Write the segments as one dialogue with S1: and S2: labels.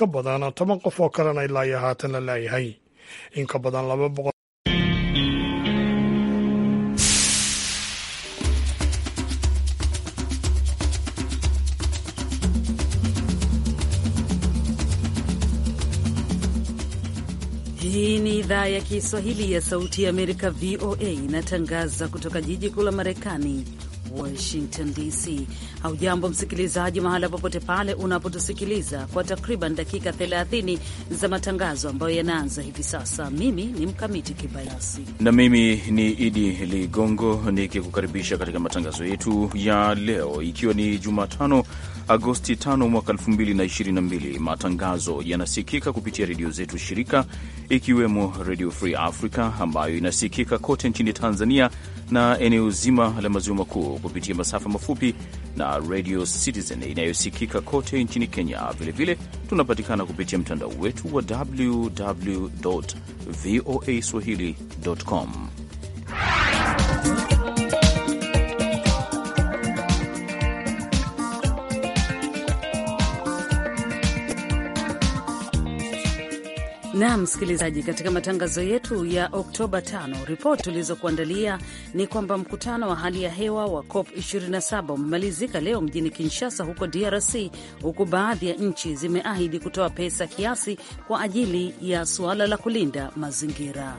S1: ka badan toban qof oo kalena ilaa iyo haatan la laayahay in ka badan laba boqol
S2: Hii ni idhaa ya Kiswahili ya Sauti ya Amerika, VOA, inatangaza kutoka jiji kuu la Marekani Washington DC. Haujambo msikilizaji, mahala popote pale unapotusikiliza kwa takriban dakika 30 za matangazo ambayo yanaanza hivi sasa. Mimi ni Mkamiti Kibayasi
S3: na mimi ni Idi Ligongo nikikukaribisha katika matangazo yetu ya leo, ikiwa ni Jumatano Agosti 5 mwaka 2022. Matangazo yanasikika kupitia redio zetu shirika, ikiwemo Redio Free Africa ambayo inasikika kote nchini Tanzania na eneo zima la maziwa makuu kupitia masafa mafupi na Radio Citizen inayosikika kote nchini Kenya. Vilevile tunapatikana kupitia mtandao wetu wa www voa swahili.com.
S2: na msikilizaji, katika matangazo yetu ya Oktoba 5 ripoti tulizokuandalia ni kwamba mkutano wa hali ya hewa wa COP 27 umemalizika leo mjini Kinshasa huko DRC, huku baadhi ya nchi zimeahidi kutoa pesa kiasi kwa ajili ya suala la kulinda mazingira.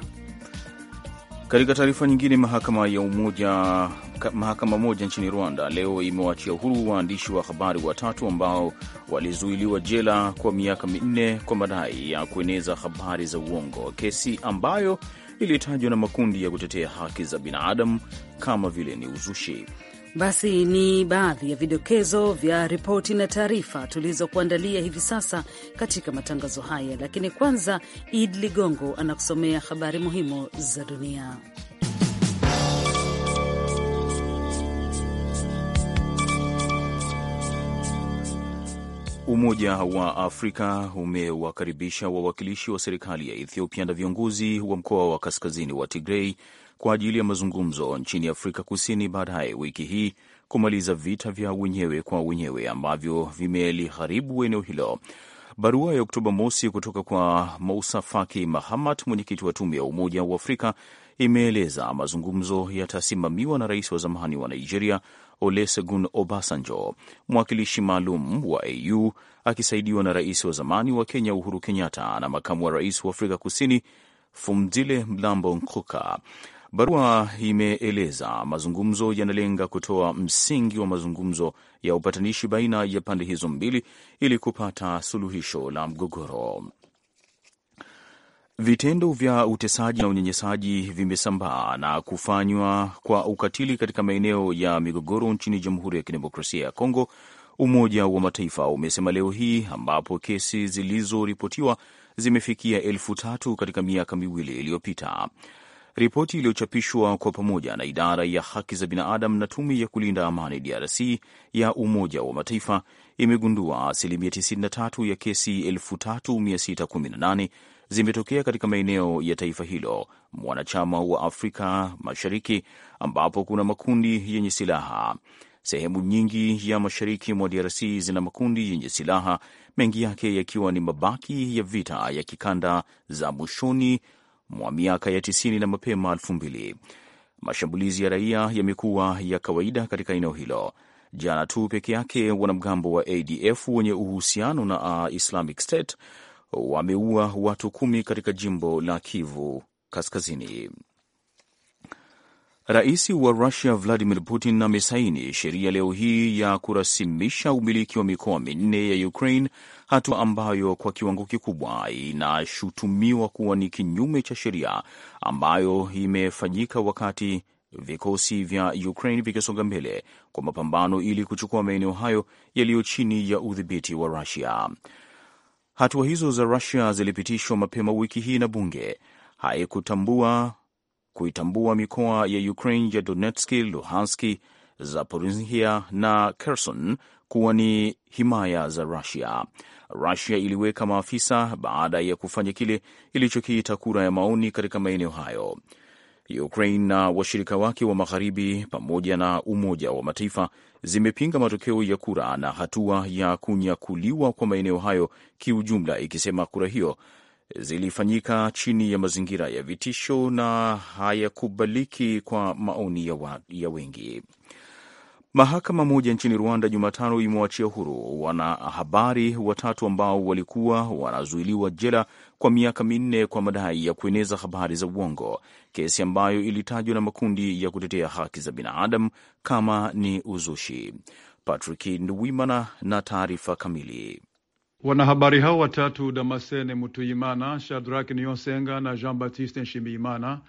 S3: Katika taarifa nyingine, mahakama ya umoja, mahakama moja nchini Rwanda leo imewaachia uhuru waandishi wa habari watatu ambao walizuiliwa jela kwa miaka minne kwa madai ya kueneza habari za uongo, kesi ambayo ilitajwa na makundi ya kutetea haki za binadamu kama vile ni uzushi.
S2: Basi ni baadhi ya vidokezo vya ripoti na taarifa tulizokuandalia hivi sasa katika matangazo haya, lakini kwanza Id Ligongo anakusomea habari muhimu za
S4: dunia.
S3: Umoja wa Afrika umewakaribisha wawakilishi wa serikali ya Ethiopia na viongozi wa mkoa wa kaskazini wa Tigrei kwa ajili ya mazungumzo nchini Afrika Kusini baadaye wiki hii kumaliza vita vya wenyewe kwa wenyewe ambavyo vimeliharibu eneo hilo. Barua ya Oktoba mosi kutoka kwa Mousa Faki Mahamat, mwenyekiti wa tume ya Umoja wa Afrika, imeeleza mazungumzo yatasimamiwa na rais wa zamani wa Nigeria Olusegun Obasanjo, mwakilishi maalum wa AU akisaidiwa na rais wa zamani wa Kenya Uhuru Kenyatta na makamu wa rais wa Afrika Kusini fumzile Mlambo Nkuka. Barua imeeleza mazungumzo yanalenga kutoa msingi wa mazungumzo ya upatanishi baina ya pande hizo mbili ili kupata suluhisho la mgogoro. Vitendo vya utesaji na unyanyasaji vimesambaa na kufanywa kwa ukatili katika maeneo ya migogoro nchini Jamhuri ya Kidemokrasia ya Kongo, Umoja wa Mataifa umesema leo hii, ambapo kesi zilizoripotiwa zimefikia elfu tatu katika miaka miwili iliyopita. Ripoti iliyochapishwa kwa pamoja na idara ya haki za binadamu na tume ya kulinda amani DRC ya Umoja wa Mataifa imegundua asilimia 93 ya kesi 3618 zimetokea katika maeneo ya taifa hilo mwanachama wa Afrika Mashariki ambapo kuna makundi yenye silaha. Sehemu nyingi ya mashariki mwa DRC zina makundi yenye silaha, mengi yake yakiwa ni mabaki ya vita ya kikanda za mwishoni mwa miaka ya tisini na mapema elfu mbili. Mashambulizi ya raia yamekuwa ya kawaida katika eneo hilo. Jana tu peke yake wanamgambo wa ADF wenye uhusiano na uh, Islamic State wameua watu kumi katika jimbo la Kivu Kaskazini. Rais wa Rusia Vladimir Putin amesaini sheria leo hii ya kurasimisha umiliki wa mikoa minne ya Ukraine hatua ambayo kwa kiwango kikubwa inashutumiwa kuwa ni kinyume cha sheria ambayo imefanyika wakati vikosi vya Ukraine vikisonga mbele kwa mapambano ili kuchukua maeneo hayo yaliyo chini ya udhibiti wa Rusia. Hatua hizo za Rusia zilipitishwa mapema wiki hii na bunge, haikutambua kuitambua mikoa ya Ukraine ya Donetski, Luhanski, Zaporizhia na Kherson kuwa ni himaya za Rusia. Rusia iliweka maafisa baada ya kufanya kile ilichokiita kura ya maoni katika maeneo hayo. Ukraine na washirika wake wa magharibi pamoja na Umoja wa Mataifa zimepinga matokeo ya kura na hatua ya kunyakuliwa kwa maeneo hayo kiujumla, ikisema kura hiyo zilifanyika chini ya mazingira ya vitisho na hayakubaliki kwa maoni ya, wa, ya wengi. Mahakama moja nchini Rwanda Jumatano imewachia huru wanahabari watatu ambao walikuwa wanazuiliwa jela kwa miaka minne kwa madai ya kueneza habari za uongo, kesi ambayo ilitajwa na makundi ya kutetea haki za binadamu kama ni uzushi. Patrick Nduwimana na taarifa kamili.
S1: Wanahabari hao watatu Damasene Mutuimana, Shadrak niosenga na Jean Baptiste Nshimiimana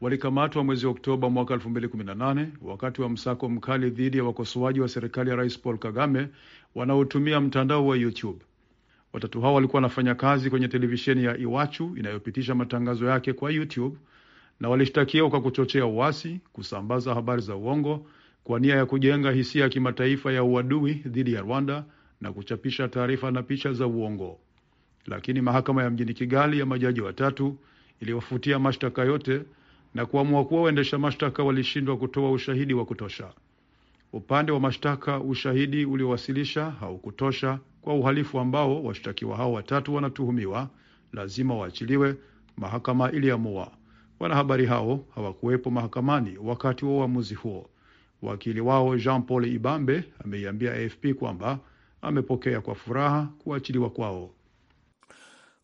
S1: walikamatwa mwezi Oktoba mwaka 2018 wakati wa msako mkali dhidi ya wakosoaji wa serikali ya Rais Paul Kagame wanaotumia mtandao wa YouTube. Watatu hao walikuwa wanafanya kazi kwenye televisheni ya Iwachu inayopitisha matangazo yake kwa YouTube na walishtakiwa kwa kuchochea uasi, kusambaza habari za uongo kwa nia ya kujenga hisia ya kimataifa ya uadui dhidi ya Rwanda na kuchapisha taarifa na picha za uongo. Lakini mahakama ya mjini Kigali ya majaji watatu iliwafutia mashtaka yote na kuamua kuwa waendesha mashtaka walishindwa kutoa ushahidi wa kutosha. Upande wa mashtaka, ushahidi uliowasilisha haukutosha kwa uhalifu ambao washtakiwa hao watatu wanatuhumiwa, lazima waachiliwe, mahakama iliamua. Wanahabari hao hawakuwepo mahakamani wakati wa uamuzi huo. Wakili wao Jean Paul Ibambe ameiambia AFP kwamba amepokea kwa furaha kuachiliwa kwao.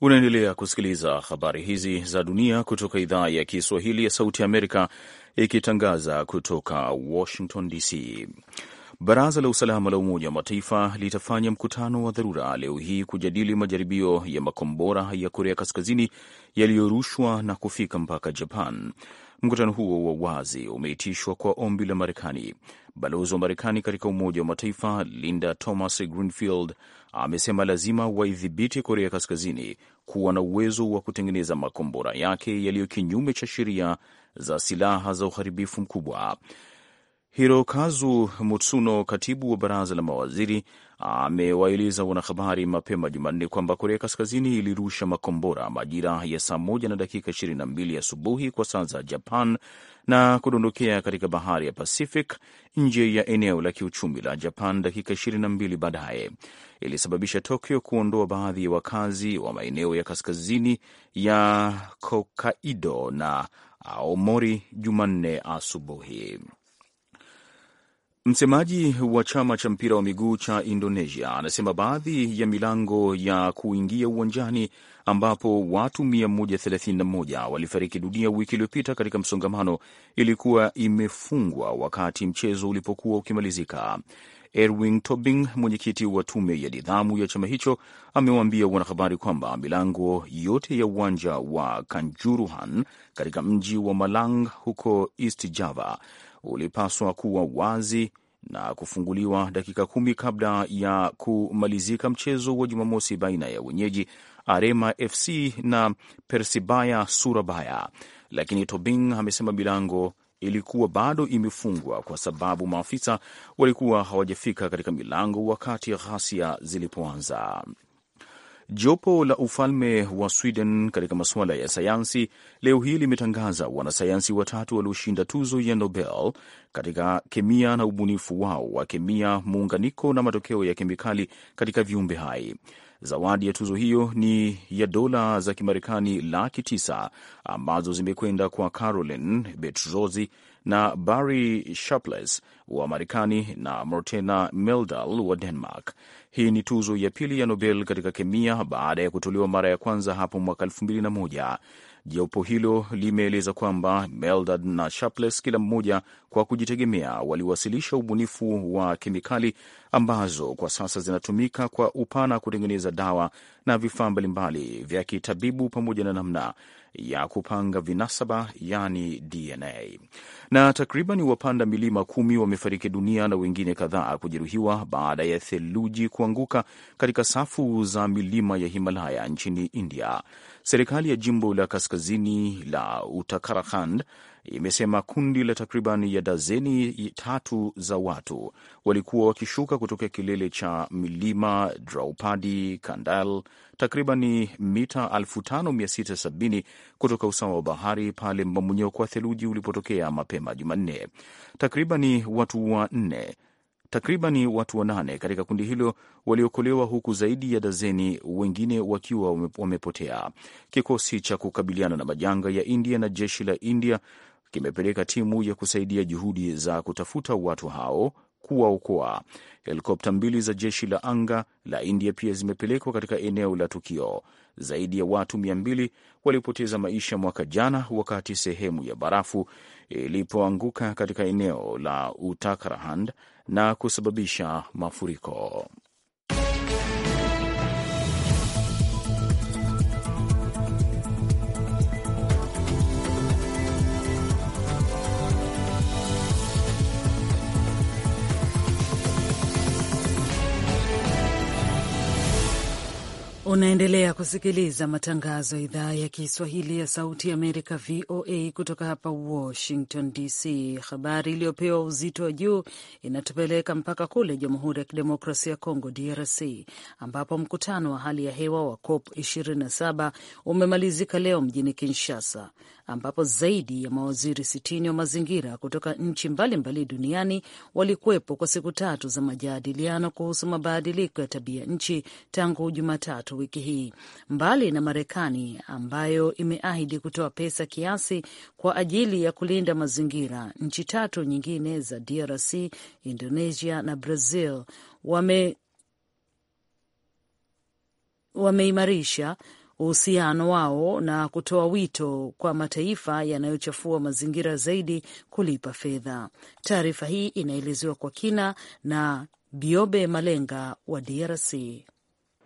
S3: Unaendelea kusikiliza habari hizi za dunia kutoka idhaa ya Kiswahili ya Sauti ya Amerika ikitangaza kutoka Washington DC. Baraza la Usalama la Umoja wa Mataifa litafanya mkutano wa dharura leo hii kujadili majaribio ya makombora ya Korea Kaskazini yaliyorushwa na kufika mpaka Japan. Mkutano huo wa wazi umeitishwa kwa ombi la Marekani. Balozi wa Marekani katika Umoja wa Mataifa Linda Thomas Greenfield amesema lazima waidhibiti Korea Kaskazini kuwa na uwezo wa kutengeneza makombora yake yaliyo kinyume cha sheria za silaha za uharibifu mkubwa. Hirokazu Mutsuno, katibu wa baraza la mawaziri, amewaeleza wanahabari mapema Jumanne kwamba Korea Kaskazini ilirusha makombora majira ya saa moja na dakika 22 asubuhi kwa saa za Japan na kudondokea katika bahari ya Pacific nje ya eneo la kiuchumi la Japan dakika 22 baadaye. Ilisababisha Tokyo kuondoa baadhi ya wakazi wa maeneo ya kaskazini ya Kokaido na Aomori Jumanne asubuhi. Msemaji wa chama cha mpira wa miguu cha Indonesia anasema baadhi ya milango ya kuingia uwanjani ambapo watu 131 walifariki dunia wiki iliyopita katika msongamano ilikuwa imefungwa wakati mchezo ulipokuwa ukimalizika. Erwin Tobing, mwenyekiti wa tume ya nidhamu ya chama hicho, amewaambia wanahabari kwamba milango yote ya uwanja wa Kanjuruhan katika mji wa Malang huko East Java ulipaswa kuwa wazi na kufunguliwa dakika kumi kabla ya kumalizika mchezo wa Jumamosi baina ya wenyeji Arema FC na Persibaya Surabaya, lakini Tobing amesema milango ilikuwa bado imefungwa kwa sababu maafisa walikuwa hawajafika katika milango wakati ghasia zilipoanza. Jopo la ufalme wa Sweden katika masuala ya sayansi leo hii limetangaza wanasayansi watatu walioshinda tuzo ya Nobel katika kemia na ubunifu wao wa kemia, muunganiko na matokeo ya kemikali katika viumbe hai. Zawadi ya tuzo hiyo ni ya dola za Kimarekani laki tisa ambazo zimekwenda kwa Caroline betrozi na Barry Sharpless wa Marekani na Mortena Meldal wa Denmark. Hii ni tuzo ya pili ya Nobel katika kemia baada ya kutolewa mara ya kwanza hapo mwaka moja. Jopo hilo limeeleza kwamba Meldad na Sharpless, kila mmoja kwa kujitegemea, waliwasilisha ubunifu wa kemikali ambazo kwa sasa zinatumika kwa upana kutengeneza dawa na vifaa mbalimbali vya kitabibu pamoja na namna ya kupanga vinasaba yani DNA. Na takriban wapanda milima kumi wamefariki dunia na wengine kadhaa kujeruhiwa baada ya theluji kuanguka katika safu za milima ya Himalaya nchini India. Serikali ya jimbo la kaskazini la Uttarakhand imesema kundi la takriban ya dazeni tatu za watu walikuwa wakishuka kutoka kilele cha milima Draupadi Kandal, takriban mita 5670 kutoka usawa wa bahari pale mmomonyoko wa theluji ulipotokea mapema Jumanne. Takribani watu wanne takribani watu wanane katika kundi hilo waliokolewa huku zaidi ya dazeni wengine wakiwa wamepotea. Kikosi cha kukabiliana na majanga ya India na jeshi la India kimepeleka timu ya kusaidia juhudi za kutafuta watu hao kuwaokoa. Helikopta mbili za jeshi la anga la India pia zimepelekwa katika eneo la tukio. Zaidi ya watu mia mbili walipoteza maisha mwaka jana wakati sehemu ya barafu ilipoanguka katika eneo la Uttarakhand na kusababisha mafuriko.
S2: Unaendelea kusikiliza matangazo ya idhaa ya Kiswahili ya Sauti ya Amerika, VOA, kutoka hapa Washington DC. Habari iliyopewa uzito wa juu inatupeleka mpaka kule Jamhuri ya Kidemokrasia ya Kongo, DRC, ambapo mkutano wa hali ya hewa wa COP 27 umemalizika leo mjini Kinshasa, ambapo zaidi ya mawaziri 60 wa mazingira kutoka nchi mbalimbali duniani walikuwepo kwa siku tatu za majadiliano kuhusu mabadiliko ya tabia nchi tangu Jumatatu tatu wiki hii, mbali na Marekani ambayo imeahidi kutoa pesa kiasi kwa ajili ya kulinda mazingira. Nchi tatu nyingine za DRC, Indonesia na Brazil wame wameimarisha uhusiano wao na kutoa wito kwa mataifa yanayochafua mazingira zaidi kulipa fedha. Taarifa hii inaelezewa kwa kina na Biobe Malenga wa DRC.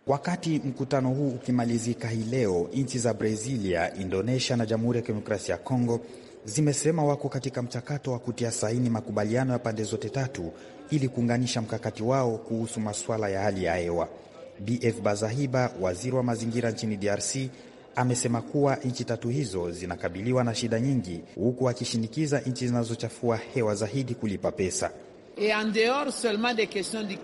S5: Wakati mkutano huu ukimalizika hii leo, nchi za Brazilia, Indonesia na Jamhuri ya Kidemokrasia ya Kongo zimesema wako katika mchakato wa kutia saini makubaliano ya pande zote tatu ili kuunganisha mkakati wao kuhusu masuala ya hali ya hewa. BF Bazahiba, waziri wa mazingira nchini DRC, amesema kuwa nchi tatu hizo zinakabiliwa na shida nyingi, huku akishinikiza nchi zinazochafua hewa zaidi kulipa pesa.
S6: E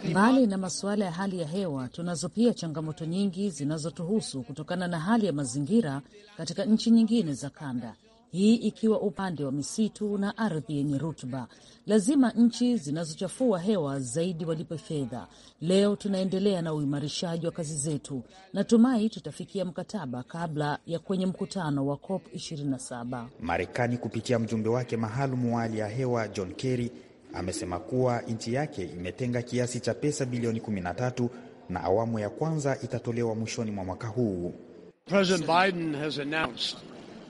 S2: Mbali na masuala ya hali ya hewa, tunazo pia changamoto nyingi zinazotuhusu kutokana na hali ya mazingira katika nchi nyingine za kanda, hii ikiwa upande wa misitu na ardhi yenye rutuba. Lazima nchi zinazochafua hewa zaidi walipe fedha. Leo tunaendelea na uimarishaji wa kazi zetu. Natumai tutafikia mkataba kabla ya kwenye mkutano wa COP 27.
S5: Marekani kupitia mjumbe wake maalum wa hali ya hewa John Kerry amesema kuwa nchi yake imetenga kiasi cha pesa bilioni 13 na awamu ya kwanza itatolewa mwishoni mwa mwaka huu.
S1: President Biden has announced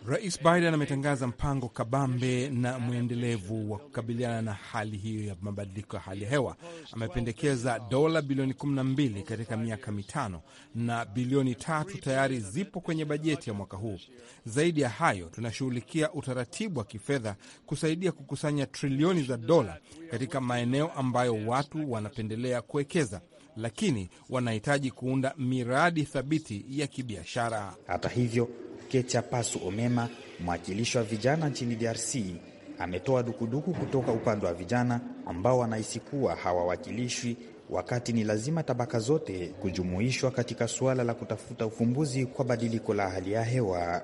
S5: Rais Biden ametangaza mpango kabambe na mwendelevu wa kukabiliana na hali hiyo ya mabadiliko ya hali ya hewa. Amependekeza dola bilioni 12 katika miaka mitano na bilioni tatu tayari zipo kwenye bajeti ya mwaka huu. Zaidi ya hayo, tunashughulikia utaratibu wa kifedha kusaidia kukusanya trilioni za dola katika maeneo ambayo watu wanapendelea kuwekeza lakini wanahitaji kuunda miradi thabiti ya kibiashara. Hata hivyo, Kecha Pasu Omema, mwakilishi wa vijana nchini DRC, ametoa dukuduku kutoka upande wa vijana ambao wanahisi kuwa hawawakilishwi wakati ni lazima tabaka zote kujumuishwa katika suala la kutafuta ufumbuzi kwa badiliko la hali ya hewa.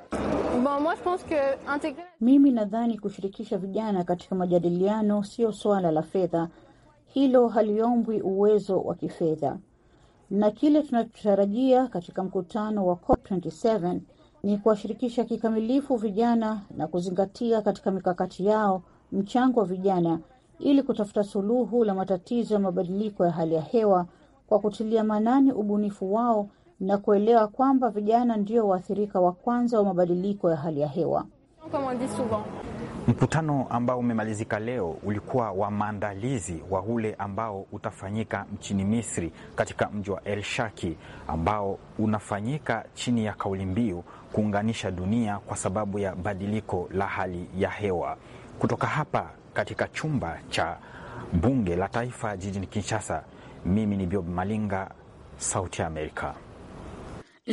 S7: Mimi nadhani kushirikisha vijana katika majadiliano sio suala la fedha, hilo haliombwi uwezo wa kifedha, na kile tunachotarajia katika mkutano wa COP 27 ni kuwashirikisha kikamilifu vijana na kuzingatia katika mikakati yao mchango wa vijana ili kutafuta suluhu la matatizo ya mabadiliko ya hali ya hewa kwa kutilia maanani ubunifu wao na kuelewa kwamba vijana ndio waathirika wa kwanza wa mabadiliko ya hali ya hewa.
S5: Mkutano ambao umemalizika leo ulikuwa wa maandalizi wa ule ambao utafanyika nchini Misri katika mji wa El Shaki ambao unafanyika chini ya kauli mbiu kuunganisha dunia kwa sababu ya badiliko la hali ya hewa. Kutoka hapa katika chumba cha bunge la taifa jijini Kinshasa, mimi ni Bob Malinga, Sauti ya Amerika.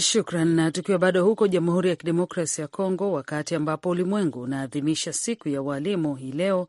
S2: Shukran. Na tukiwa bado huko Jamhuri ya Kidemokrasia ya Kongo, wakati ambapo ulimwengu unaadhimisha siku ya waalimu hii leo,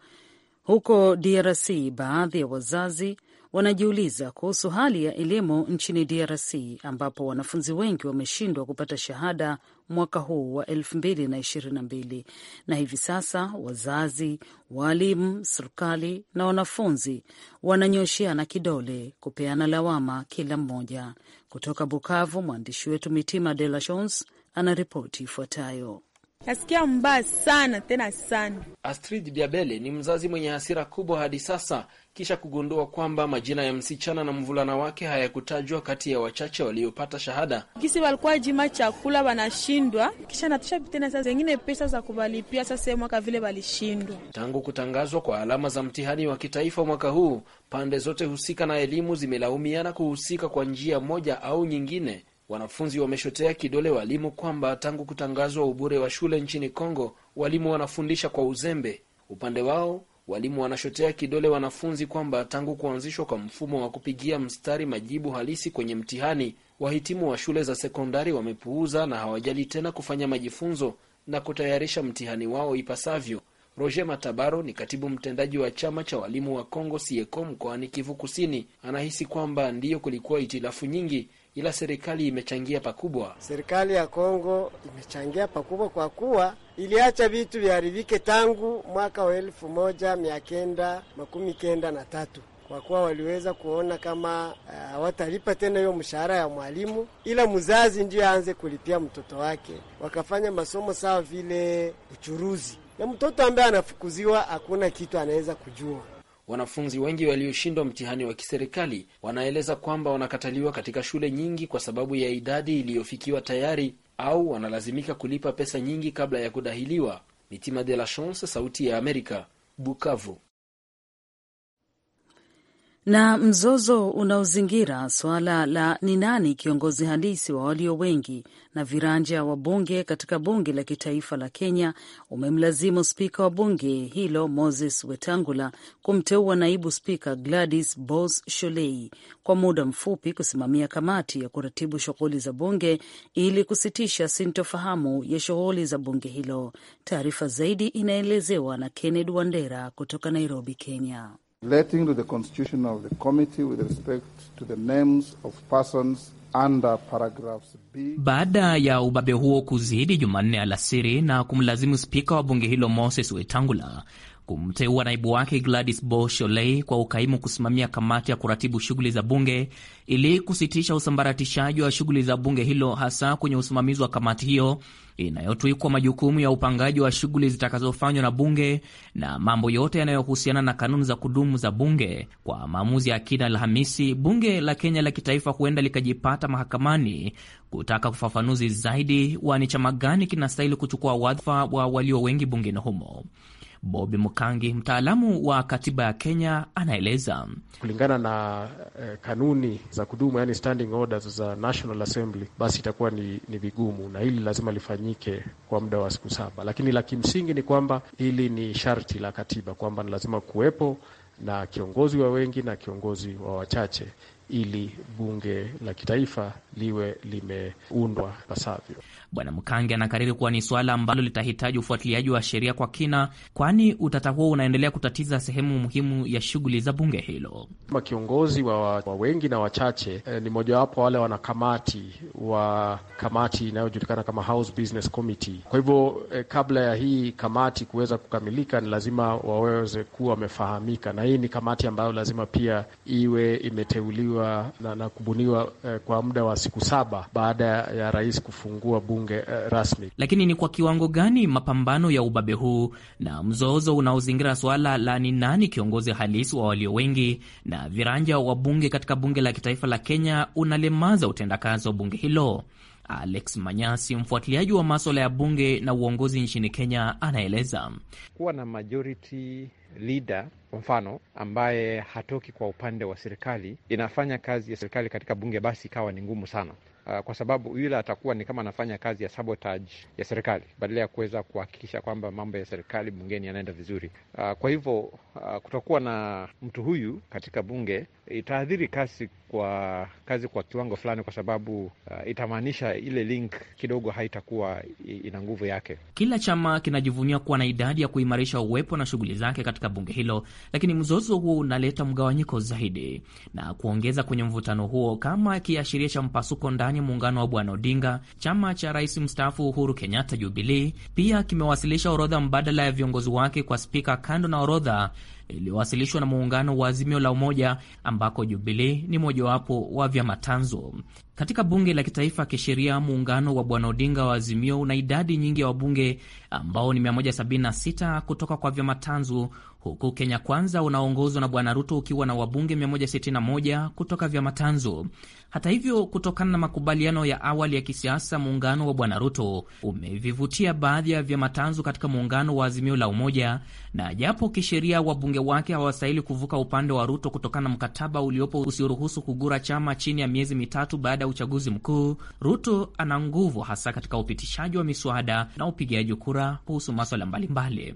S2: huko DRC baadhi ya wazazi wanajiuliza kuhusu hali ya elimu nchini DRC ambapo wanafunzi wengi wameshindwa kupata shahada mwaka huu wa 2022 na hivi sasa wazazi, waalimu, serikali na wanafunzi wananyosheana kidole kupeana lawama kila mmoja. Kutoka Bukavu, mwandishi wetu Mitima De La Shons anaripoti ifuatayo nasikia mbaya sana tena sana.
S8: Astrid Diabele ni mzazi mwenye hasira kubwa hadi sasa kisha kugundua kwamba majina ya msichana na mvulana wake hayakutajwa kati ya wachache waliopata shahada. Kisi walikuwa jima chakula
S2: wanashindwa, kisha natusha tena sasa zengine pesa za kuvalipia sasa mwaka vile walishindwa.
S8: Tangu kutangazwa kwa alama za mtihani wa kitaifa mwaka huu, pande zote husika na elimu zimelaumiana kuhusika kwa njia moja au nyingine Wanafunzi wameshotea kidole walimu kwamba tangu kutangazwa ubure wa shule nchini Kongo, walimu wanafundisha kwa uzembe. Upande wao walimu wanashotea kidole wanafunzi kwamba tangu kuanzishwa kwa mfumo wa kupigia mstari majibu halisi kwenye mtihani, wahitimu wa shule za sekondari wamepuuza na hawajali tena kufanya majifunzo na kutayarisha mtihani wao ipasavyo. Roger Matabaro ni katibu mtendaji wa chama cha walimu wa Kongo SIECO, mkoani Kivu Kusini, anahisi kwamba ndiyo kulikuwa hitilafu nyingi ila serikali imechangia pakubwa.
S6: Serikali ya Kongo imechangia pakubwa kwa kuwa iliacha vitu viharibike tangu mwaka wa elfu moja mia kenda makumi kenda na tatu kwa kuwa waliweza kuona kama eh, hawatalipa uh, tena hiyo mshahara ya mwalimu, ila mzazi ndiyo aanze kulipia mtoto wake, wakafanya masomo sawa vile uchuruzi, na mtoto ambaye anafukuziwa hakuna kitu anaweza kujua
S8: Wanafunzi wengi walioshindwa mtihani wa kiserikali wanaeleza kwamba wanakataliwa katika shule nyingi kwa sababu ya idadi iliyofikiwa tayari au wanalazimika kulipa pesa nyingi kabla ya kudahiliwa. Mitima de la Chance, Sauti ya Amerika, Bukavu
S2: na mzozo unaozingira suala la ni nani kiongozi halisi wa walio wengi na viranja wa bunge katika bunge la kitaifa la Kenya umemlazimu spika wa bunge hilo Moses Wetangula kumteua naibu spika Gladys Bos Sholei kwa muda mfupi kusimamia kamati ya kuratibu shughuli za bunge ili kusitisha sintofahamu ya shughuli za bunge hilo. Taarifa zaidi inaelezewa na kenned Wandera kutoka Nairobi, Kenya
S1: relating to the constitution of the committee with respect to the names of persons under paragraphs
S9: B. Baada ya ubabe huo kuzidi Jumanne alasiri na kumlazimu spika wa bunge hilo Moses Wetangula kumteua naibu wake Gladys Bo kwa ukaimu kusimamia kamati ya kuratibu shughuli za bunge ili kusitisha usambaratishaji wa shughuli za bunge hilo, hasa kwenye usimamizi wa kamati hiyo inayotwikwa majukumu ya upangaji wa shughuli zitakazofanywa na bunge na mambo yote yanayohusiana na kanuni za kudumu za bunge. Kwa maamuzi ya kina Alhamisi, bunge la Kenya la kitaifa huenda likajipata mahakamani kutaka ufafanuzi zaidi wa ni chama gani kinastahili kuchukua wadhifa wa walio wengi bungeni humo. Bobi Mkangi, mtaalamu wa katiba ya Kenya, anaeleza. Kulingana
S6: na eh, kanuni za kudumu, yani standing orders za National Assembly, basi itakuwa ni, ni vigumu, na hili lazima lifanyike kwa muda wa siku saba, lakini la kimsingi ni kwamba hili ni sharti la katiba kwamba ni lazima kuwepo na kiongozi wa wengi na kiongozi wa wachache ili bunge la kitaifa liwe limeundwa ipasavyo.
S9: Bwana Mkange anakariri kuwa ni suala ambalo litahitaji ufuatiliaji wa sheria kwa kina, kwani utata huo unaendelea kutatiza sehemu muhimu ya shughuli za bunge hilo.
S6: Kama kiongozi wa, wa wengi na wachache eh, ni mojawapo wale wanakamati wa kamati inayojulikana kama House Business Committee. Kwa hivyo eh, kabla ya hii kamati kuweza kukamilika, ni lazima waweze kuwa wamefahamika, na hii ni kamati ambayo lazima pia iwe imeteuliwa na, na kubuniwa eh, kwa muda wa siku saba baada ya rais kufungua bunge bunge uh, rasmi.
S9: Lakini ni kwa kiwango gani mapambano ya ubabe huu na mzozo unaozingira suala la ni nani kiongozi halisi wa walio wengi na viranja wa bunge katika bunge la kitaifa la Kenya unalemaza utendakazi wa bunge hilo? Alex Manyasi, mfuatiliaji wa maswala ya bunge na uongozi nchini Kenya, anaeleza
S6: kuwa na majority leader kwa mfano, ambaye hatoki kwa upande wa serikali, inafanya kazi ya serikali katika bunge, basi ikawa ni ngumu sana uh, kwa sababu yule atakuwa ni kama anafanya kazi ya sabotage ya serikali badala ya kuweza kuhakikisha kwamba mambo ya serikali bungeni yanaenda vizuri. Uh, kwa hivyo uh, kutokuwa na mtu huyu katika bunge itaathiri kasi kwa kazi kwa kiwango fulani, kwa sababu uh, itamaanisha ile link kidogo haitakuwa ina nguvu yake.
S9: Kila chama kinajivunia kuwa na idadi ya kuimarisha uwepo na shughuli zake katika bunge hilo, lakini mzozo huo unaleta mgawanyiko zaidi na kuongeza kwenye mvutano huo, kama kiashiria cha mpasuko ndani ya muungano wa Bwana Odinga. Chama cha rais mstaafu Uhuru Kenyatta, Jubilii, pia kimewasilisha orodha mbadala ya viongozi wake kwa spika, kando na orodha iliyowasilishwa na muungano wa Azimio la Umoja, ambako Jubilee ni mojawapo wa vyama tanzo katika bunge la kitaifa kisheria. Muungano wa Bwana Odinga wa Azimio una idadi nyingi ya wabunge ambao ni 176 kutoka kwa vyama tanzu huku Kenya Kwanza unaoongozwa na Bwana Ruto ukiwa na wabunge 161 kutoka vyama tanzu. Hata hivyo, kutokana na makubaliano ya awali ya kisiasa, muungano wa Bwana Ruto umevivutia baadhi ya vyama tanzu katika muungano wa Azimio la Umoja, na japo kisheria wabunge wake hawastahili kuvuka upande wa Ruto kutokana na mkataba uliopo usioruhusu kugura chama chini ya miezi mitatu baada ya uchaguzi mkuu, Ruto ana nguvu hasa katika upitishaji wa miswada na upigaji kura kuhusu maswala mbalimbali mbali.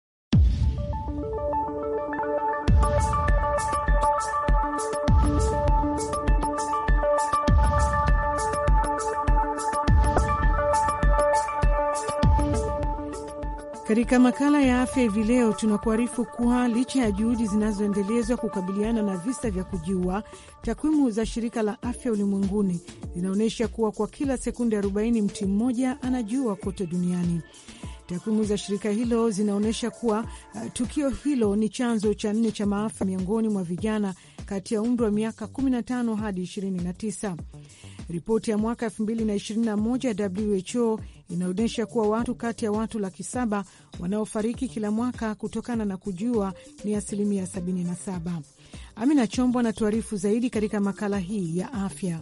S10: Katika makala ya afya hivi leo tunakuarifu kuwa licha ya juhudi zinazoendelezwa kukabiliana na visa vya kujiua, takwimu za shirika la afya ulimwenguni zinaonyesha kuwa kwa kila sekunde 40 mtu mmoja anajiua kote duniani. Takwimu za shirika hilo zinaonyesha kuwa uh, tukio hilo ni chanzo cha nne cha maafa miongoni mwa vijana kati ya umri wa miaka 15 hadi 29. Ripoti ya mwaka 2021 WHO inaonyesha kuwa watu kati ya watu laki saba wanaofariki kila mwaka kutokana na kujiua ni asilimia 77. Amina Chombo anatuarifu zaidi katika makala hii ya afya.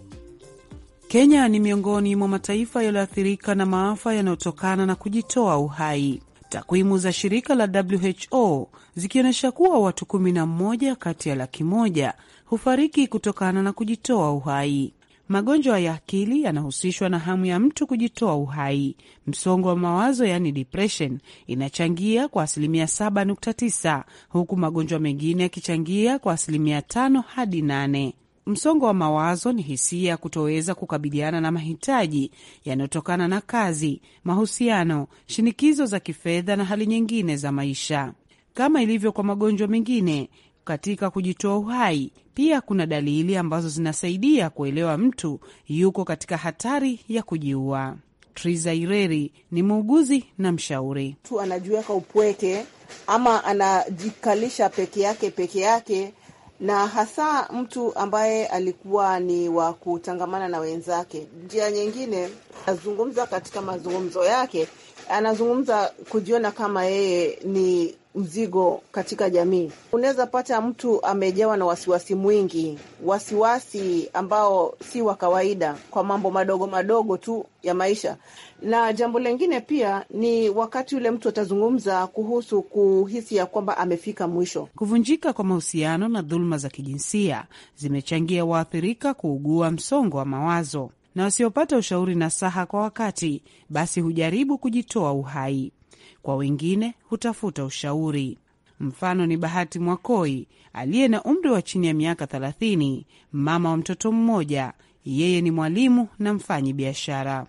S4: Kenya ni miongoni mwa mataifa yaliyoathirika na maafa yanayotokana na kujitoa uhai, takwimu za shirika la WHO zikionyesha kuwa watu 11 kati ya laki moja hufariki kutokana na kujitoa uhai. Magonjwa ya akili yanahusishwa na hamu ya mtu kujitoa uhai. Msongo wa mawazo yani depression inachangia kwa asilimia 7.9 huku magonjwa mengine yakichangia kwa asilimia 5 hadi 8. Msongo wa mawazo ni hisia ya kutoweza kukabiliana na mahitaji yanayotokana na kazi, mahusiano, shinikizo za kifedha na hali nyingine za maisha. Kama ilivyo kwa magonjwa mengine, katika kujitoa uhai. Pia kuna dalili ambazo zinasaidia kuelewa mtu yuko katika hatari ya kujiua. Triza Ireri ni muuguzi na mshauri.
S10: Mtu anajiweka upweke ama anajikalisha peke yake peke yake, na hasa mtu ambaye alikuwa ni wa kutangamana na wenzake. Njia nyingine, anazungumza katika mazungumzo yake, anazungumza kujiona kama yeye ni mzigo katika jamii. Unaweza pata mtu amejawa na wasiwasi mwingi, wasiwasi ambao si wa kawaida kwa mambo madogo madogo tu ya maisha. Na jambo lengine pia ni wakati yule mtu atazungumza kuhusu kuhisi ya kwamba amefika mwisho.
S4: Kuvunjika kwa mahusiano na dhuluma za kijinsia zimechangia waathirika kuugua msongo wa mawazo, na wasiopata ushauri na saha kwa wakati, basi hujaribu kujitoa uhai kwa wengine hutafuta ushauri. Mfano ni Bahati Mwakoi aliye na umri wa chini ya miaka thelathini mama wa mtoto mmoja. Yeye ni mwalimu na mfanyi biashara.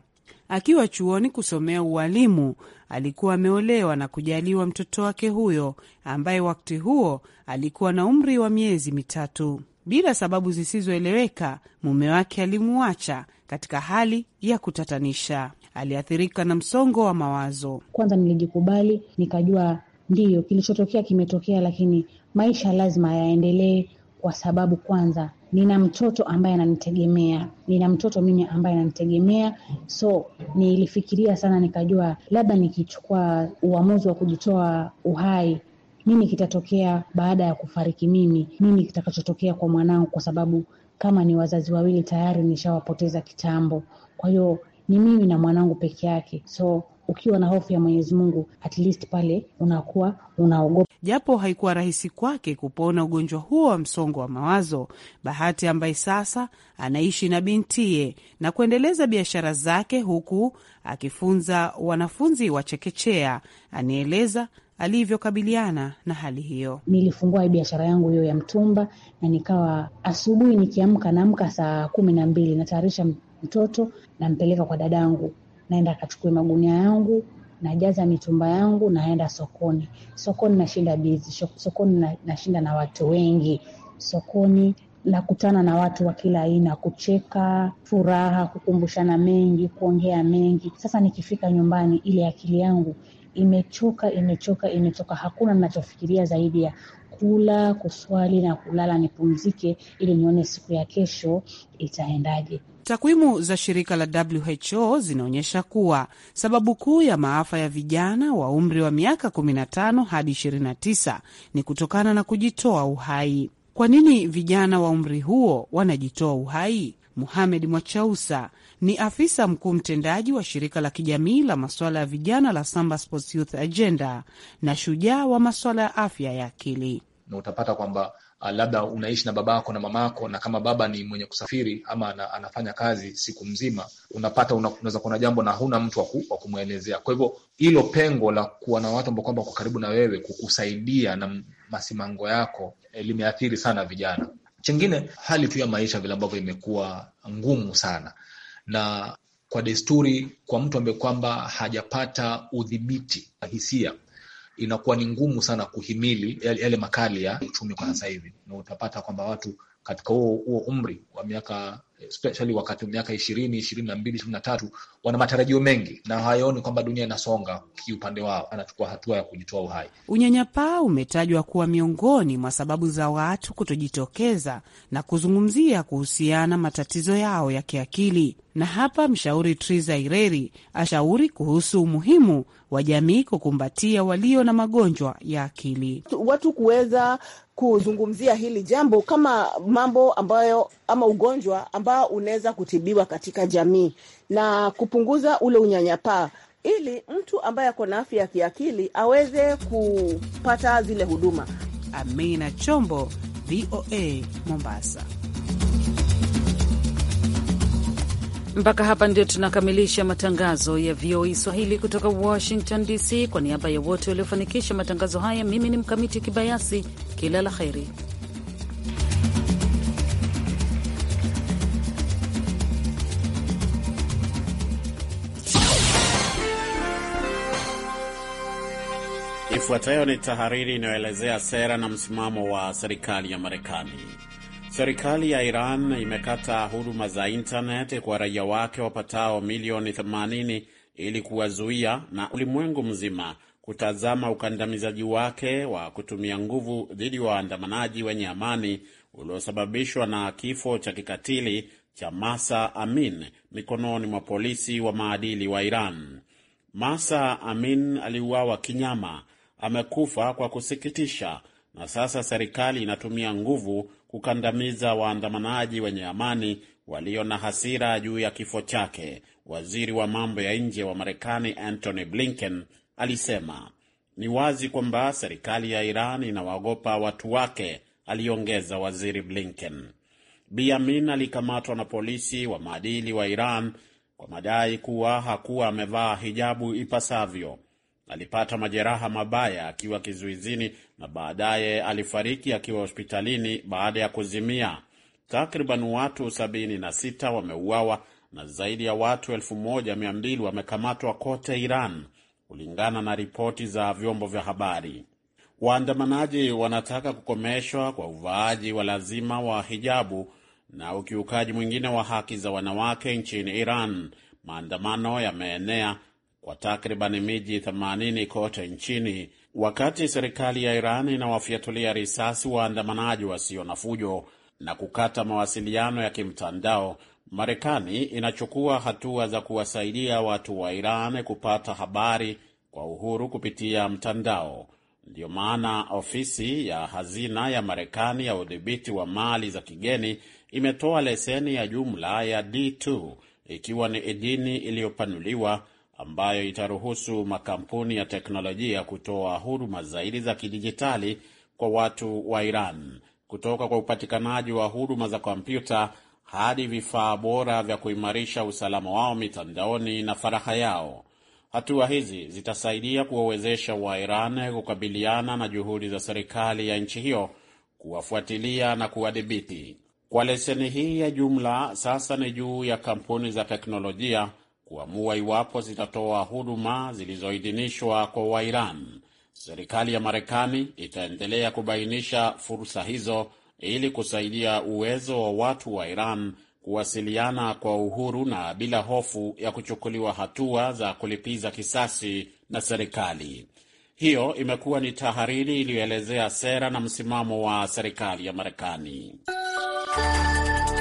S4: Akiwa chuoni kusomea ualimu, alikuwa ameolewa na kujaliwa mtoto wake huyo ambaye wakati huo alikuwa na umri wa miezi mitatu. Bila sababu zisizoeleweka, mume wake alimuacha katika hali ya kutatanisha aliathirika na msongo wa mawazo.
S7: Kwanza nilijikubali, nikajua ndiyo kilichotokea kimetokea, lakini maisha lazima yaendelee, kwa sababu kwanza nina mtoto ambaye ananitegemea, nina mtoto mimi ambaye ananitegemea. So nilifikiria sana, nikajua labda nikichukua uamuzi wa kujitoa uhai nini kitatokea baada ya kufariki mimi, nini kitakachotokea kwa mwanangu, kwa sababu kama ni wazazi wawili tayari nishawapoteza kitambo. Kwa hiyo ni mimi na mwanangu peke yake. So ukiwa na hofu ya Mwenyezi Mungu at least pale unakuwa
S4: unaogopa. Japo haikuwa rahisi kwake kupona ugonjwa huo wa msongo wa mawazo, Bahati ambaye sasa anaishi na bintiye na kuendeleza biashara zake huku akifunza wanafunzi wa chekechea, anaeleza alivyokabiliana na hali hiyo.
S7: Nilifungua biashara yangu hiyo ya mtumba, na nikawa asubuhi nikiamka, naamka saa kumi na mbili natayarisha mtoto, nampeleka kwa dadangu, naenda akachukue magunia yangu najaza mitumba yangu, naenda sokoni. Sokoni nashinda bizi, sokoni nashinda na watu wengi, sokoni nakutana na watu wa kila aina, kucheka, furaha, kukumbushana mengi, kuongea mengi. Sasa nikifika nyumbani, ile akili yangu imechoka, imechoka, imechoka. Hakuna ninachofikiria zaidi ya kula, kuswali na kulala, nipumzike ili nione siku ya kesho itaendaje.
S4: Takwimu za shirika la WHO zinaonyesha kuwa sababu kuu ya maafa ya vijana wa umri wa miaka 15 hadi 29 ni kutokana na kujitoa uhai. Kwa nini vijana wa umri huo wanajitoa uhai? Muhamed Mwachausa ni afisa mkuu mtendaji wa shirika la kijamii la masuala ya vijana la Samba Sports Youth Agenda na shujaa wa masuala ya afya ya akili,
S8: na utapata kwamba Ah, labda unaishi na babako na mamako, na kama baba ni mwenye kusafiri ama anafanya kazi siku mzima, unapata unaweza kuwa jambo na huna mtu wa kumwelezea. Kwa hivyo hilo pengo la kuwa na watu ambao kwamba kwa karibu na wewe kukusaidia na masimango yako eh, limeathiri sana vijana. Chingine hali tu ya maisha vile ambavyo imekuwa ngumu sana, na kwa desturi, kwa mtu ambaye kwamba hajapata udhibiti wa hisia inakuwa ni ngumu sana kuhimili yale makali ya uchumi kwa sasa hivi, na utapata kwamba watu katika huo umri wa miaka especially wakati wa miaka ishirini ishirini na mbili ishirini na tatu wana matarajio mengi na hayaoni kwamba dunia inasonga kiupande wao, anachukua hatua ya kujitoa uhai.
S4: Unyanyapaa umetajwa kuwa miongoni mwa sababu za watu kutojitokeza na kuzungumzia kuhusiana matatizo yao ya kiakili, na hapa mshauri Triza Ireri ashauri kuhusu umuhimu wa jamii kukumbatia walio na magonjwa ya akili,
S10: watu kuweza kuzungumzia hili jambo kama mambo ambayo ama ugonjwa ambayo ambao unaweza kutibiwa katika jamii na kupunguza ule unyanyapaa ili mtu ambaye ako na afya ya kiakili aweze kupata zile huduma. Amina
S4: Chombo, VOA, Mombasa.
S2: Mpaka hapa ndio tunakamilisha matangazo ya VOA Swahili kutoka Washington DC. Kwa niaba ya wote waliofanikisha matangazo haya, mimi ni Mkamiti Kibayasi, kila la
S4: heri.
S6: Ifuatayo ni tahariri inayoelezea sera na msimamo wa serikali ya Marekani. Serikali ya Iran imekata huduma za intaneti kwa raia wake wapatao milioni 80 ili kuwazuia na ulimwengu mzima kutazama ukandamizaji wake wa kutumia nguvu dhidi ya waandamanaji wenye amani uliosababishwa na kifo cha kikatili cha Masa Amin mikononi mwa polisi wa maadili wa Iran. Masa Amin aliuawa kinyama amekufa kwa kusikitisha, na sasa serikali inatumia nguvu kukandamiza waandamanaji wenye amani walio na hasira juu ya kifo chake. Waziri wa mambo ya nje wa Marekani Antony Blinken alisema ni wazi kwamba serikali ya Iran inawaogopa watu wake, aliongeza waziri Blinken. Bi Amin alikamatwa na polisi wa maadili wa Iran kwa madai kuwa hakuwa amevaa hijabu ipasavyo. Alipata majeraha mabaya akiwa kizuizini na baadaye alifariki akiwa hospitalini baada ya kuzimia. Takriban watu 76 wameuawa na zaidi ya watu 1200 wamekamatwa kote Iran, kulingana na ripoti za vyombo vya habari. Waandamanaji wanataka kukomeshwa kwa uvaaji wa lazima wa hijabu na ukiukaji mwingine wa haki za wanawake nchini Iran. Maandamano yameenea kwa takriban miji 80 kote nchini, wakati serikali ya Iran inawafyatulia risasi waandamanaji wasio na fujo na kukata mawasiliano ya kimtandao. Marekani inachukua hatua za kuwasaidia watu wa Iran kupata habari kwa uhuru kupitia mtandao. Ndiyo maana ofisi ya hazina ya Marekani ya udhibiti wa mali za kigeni imetoa leseni ya jumla ya D2 ikiwa ni idhini iliyopanuliwa ambayo itaruhusu makampuni ya teknolojia kutoa huduma zaidi za kidijitali kwa watu wa Iran, kutoka kwa upatikanaji wa huduma za kompyuta hadi vifaa bora vya kuimarisha usalama wao mitandaoni na faraha yao. Hatua hizi zitasaidia kuwawezesha Wairan kukabiliana na juhudi za serikali ya nchi hiyo kuwafuatilia na kuwadhibiti. Kwa leseni hii ya jumla, sasa ni juu ya kampuni za teknolojia kuamua iwapo zitatoa huduma zilizoidhinishwa kwa Wairan. Serikali ya Marekani itaendelea kubainisha fursa hizo ili kusaidia uwezo wa watu wa Iran kuwasiliana kwa uhuru na bila hofu ya kuchukuliwa hatua za kulipiza kisasi na serikali. Hiyo imekuwa ni tahariri iliyoelezea sera na msimamo wa serikali ya Marekani.